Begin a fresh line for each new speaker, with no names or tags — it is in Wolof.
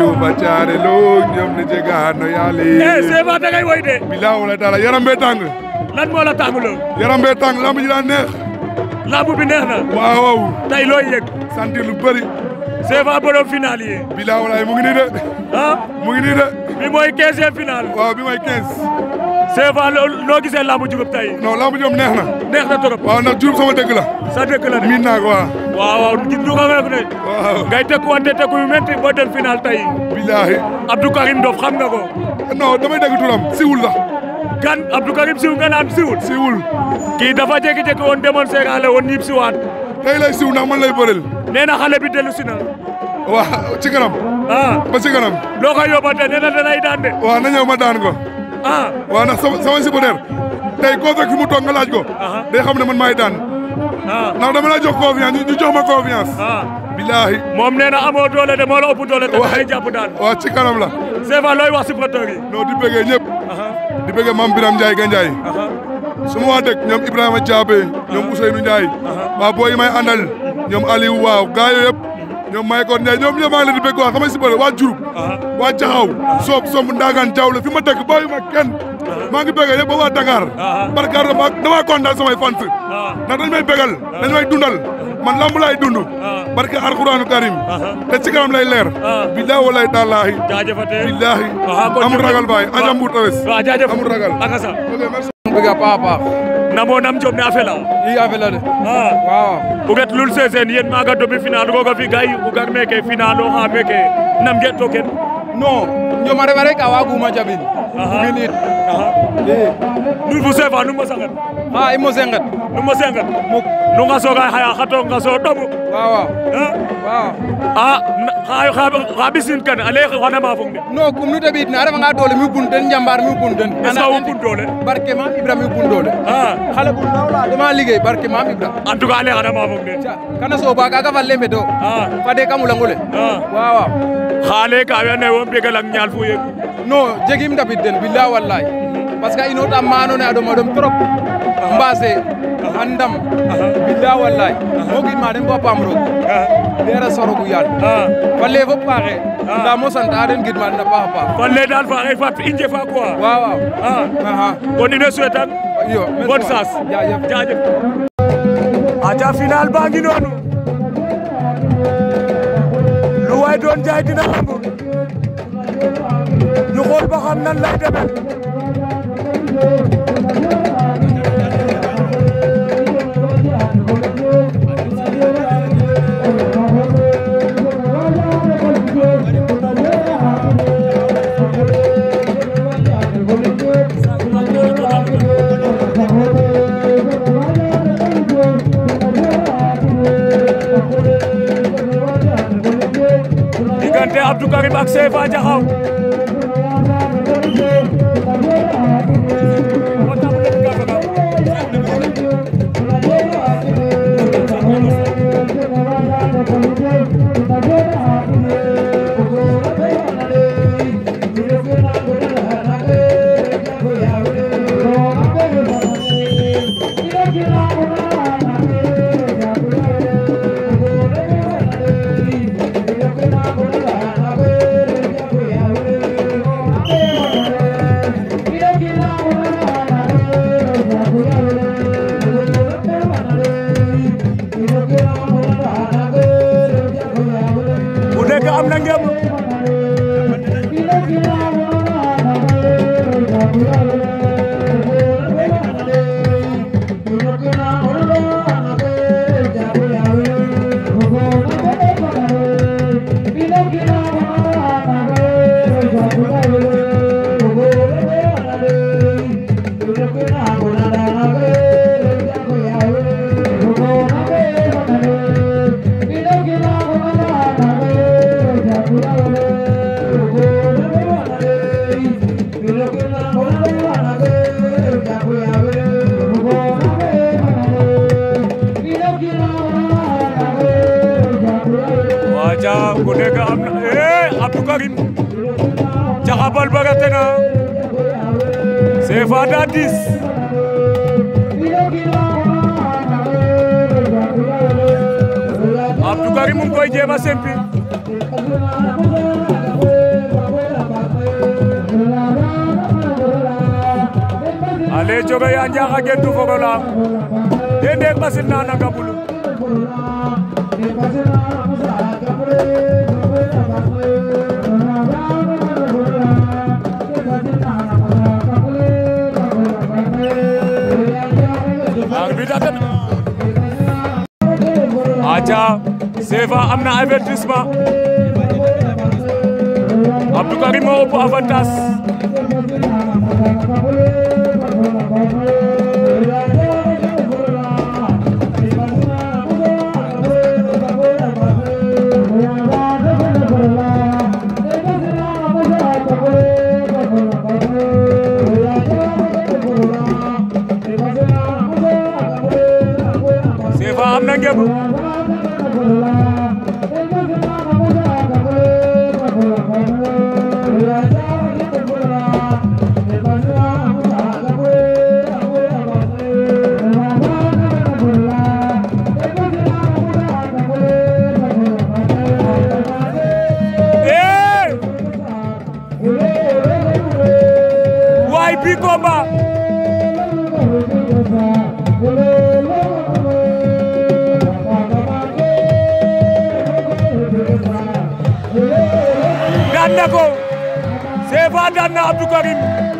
Juma caare loo ñoom ni jegaano yàlla yi. eh Seba da ngay woy de. bilaa wala dara yaram bee tàng. lan moo la tàng lool. yaram bee tàng lamb ji daan neex. lamb bi neex na. waaw. tey looy yëg. sentir lu bëri. Seba borom final yi. bilaa wala mu ngi ah? bi mooy quinzième final. waaw bi mooy quinze. c'est vrai loolu noo gisee lamb jugub tey. non neex na. neex na trop waaw ndax jugub sama dëkk la. sa dëkk la de miin naa ko waaw. waaw waaw du ko rek de. waaw ngay wante tëkku yu métti boo dem final tey. billahi Abdou Karim xam nga ko. non damay dégg turam siwul sax. gan Abdou Karim siw nga naan siwul. siwul. kii dafa jékki-jékki woon demoon Sénégal woon ñib siwaat. tey lay siw ndax man lay bëreel. nee na xale bi dellu si na. wa ci kanam. ah ba ci kanam. loo koy yóbbaatee nee na danay ah waaw ndax sama sama supporter tey koo fekk fi mu toog nga laaj ko ah. day xam ne man maay daan ah. ndax dama laa jox confiance ñu jox ma confiance ah. billahi moom nee na amoo doole de moo la ëpp doole te dafay jàpp daan waaw ci kanam la Seba looy wax supporter yi non di bëggee ñëpp di bëggee Mame Birame Ndiaye Gandiaye suma waa dëkk ñoom Ibrahima Diabé ñoom Ousseynou Ndiaye waa booy may àndal ñoom Aliou waaw gaa yëpp ñoom Maykoor Ndiaye ñoom ñëpp maa ngi leen di bëgg waa xam waa Diouroup. Uh-huh. waa Jaxaw Soop Somb Ndaagaan fi ma dëkk bàyyi ma kenn. Uh-huh. maa ngi bëgg yëpp ba waa Dakar. Uh-huh. barkaar dama damaa kontaan samay fans. ndax dañ may bëggal dañ may dundal man lamb laay dund. barke alxuraanu karim. te ci kanam lay leer. billaahi walaay taalaahi. jaajëfatee billaahi. amul ragal baay ajam bu tawes. amul ragal. ak asa. ok merci. bëgg a paax a namonam jomne a fela i a fela de waaw
get Lul Seseen yen maaga demi final roga fi'ka i o gar meeke final oxa meeke nam geto ken non njom a refa rek a waaguma jabin it
Ndulfo
Sefa nu ma sangat a i mo sengat nu mo sengat nu nga sooga xaya xa toog nga soo ɗomu waaw waaw a ah, xa ɓisin kan ale xana ma fog de non comme nu te na a refa doole mi bun den mi bun den est ce que bun doole mi bun doole a ah. xale bu ndaw la dama liggéey barke maam Ibra ale xana ma fog de kana sooba kaga fa le mbeto ah. fade kam ulango le xa ale ka we ando naye wo mbegalang ñaal parce que a inoorta a ɗoma ɗom trop mbaase a ndam billah wallahi moo gidma den bo a paam roog ndeera soroogu yaal ndaa mo sant'a den gidma den a paax a paax fale daal faaxe fat i njefa quoi waaw waaw kon ino souetan iyo bonne baa ngi noonu lu waay doon dina ambu ñu xool nan lay demee diggante Abdou Karim ak CFA Diakhao
guneega
am na eh Abdou Karim Diakha Bal Bagatena CFA daa diis Abdou Karim mu ngi koy jéem a
ale joge yaa
njaaxa gen fogo laam dee dee basil naa na arbitre atte na aca CFA am na avertissement
Abdou Karim moo ëpp avantage na ko CFA daan na Abdou Karim